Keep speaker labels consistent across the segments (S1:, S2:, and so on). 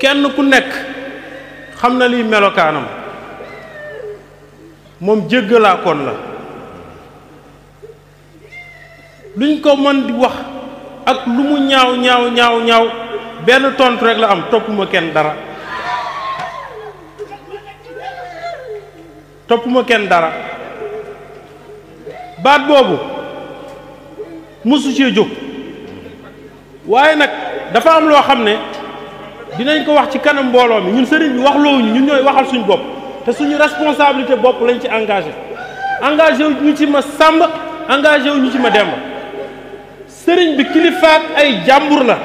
S1: kenn ku nekk xam na liy melokaanam moom jéggalaakoon la luñ ko mën di wax ak lu mu ñaaw ñaaw ñaaw ñaaw benn tontu rek la am toppuma kenn dara toppuma kenn dara baat boobu mosu cee jóg waaye nag dafa am loo xam ne dinañ ko wax ci kanam mbooloo mi ñun sëriñ bi wax loowuñu ñu ñooy waxal suñu bopp te suñu responsabilité bopp lañ ci engagé engagé ñu ci ma sàmb engagé wu ñu ci ma demb sëriñ bi kilifaak ay jàmbur la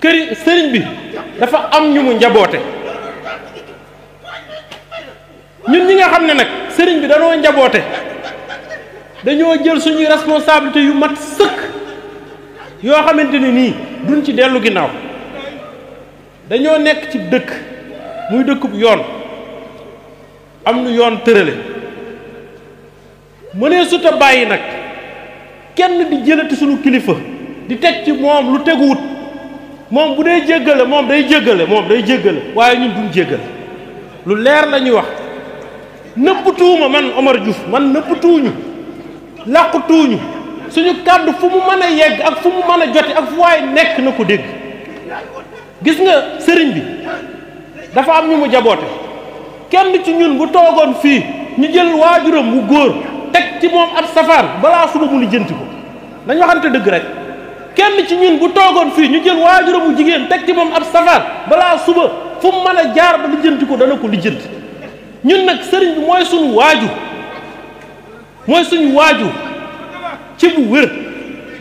S1: kër sëriñ bi dafa am ñu mu njaboote ñun ñi nga xam ne nag sëriñ bi danoo njaboote dañoo jël suñuy responsabilité yu mat sëkk yoo xamante ni nii duñ ci dellu ginnaaw dañoo nekk ci dëkk muy dëkkub yoon am nu yoon tërale mënee suta bàyyi nag kenn di jëlati suñu kilifa di teg ci moom lu teguwut moom bu dee jéggale moom day jéggale moom day jéggale waaye ñun duñ jéggale lu leer la ñuy wax nëpp tuuma man Omar Diouf man nëpp tuuñu làqu suñu kàddu fu mu mën a yegg ak fu mu mën a joti ak fu waay nekk na ko dégg gis nga sëriñ bi dafa am ñu mu jaboote kenn ci ñun bu toogoon fii ñu jël waajuram bu góor teg ci moom ab safaan balaa suba mu lijjanti dañ waxante dëgg kenn ci ñun bu toogoon fii ñu jël waajuramu jigéen teg ci moom ab safaan balaa suba fu mu a jaar ba lijjanti ko dana ko lijjanti ñun nag sëriñ bi mooy suñu waajur mooy suñu waajur ci bu wér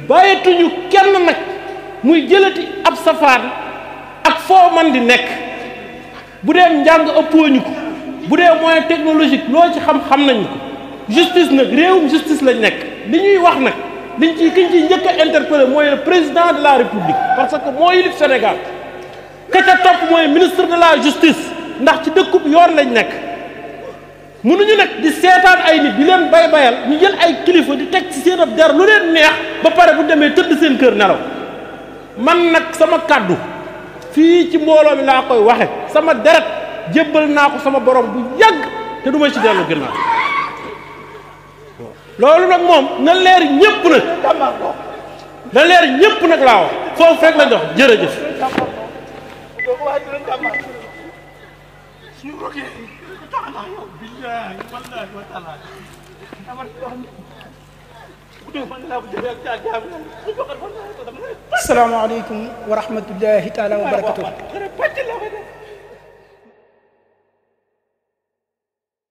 S1: bàyyatuñu kenn nag muy jëlati ab safaan ak foo man di nekk bu dee njàng ëppooñu ko bu dee moyen technologique loo ci xam-xam nañu ko justice nag réewum justice lañ nekk li ñuy wax nag liñ ci kiñ ci njëkk a interpellé mooy le président de la république parce que moo yilif Sénégal ka ca topp mooy ministre de la justice ndax ci dëkku yoon lañ nekk mënuñu nag di seetaan ay nit di leen bay bayal ñu jël ay kilifa di teg ci seen ab der lu leen neex ba pare bu demee tëdd seen kër nelaw man nag sama kàddu fii ci mbooloo mi laa koy waxe sama deret jébbal naa ko sama borom bu yàgg te duma ci dellu ginnaaw loolu nag moom na leer ñépp nag na leer ñépp nag laa wax foofu rek la jox jërëjëf suñu rokkee taxanaa yow billahi wallahi wa taala dama doon bu dee man laa ko jëlee ak jaam su joxal man laa ko dama asalaamaaleykum wa rahmatullahi taala wa barakatuh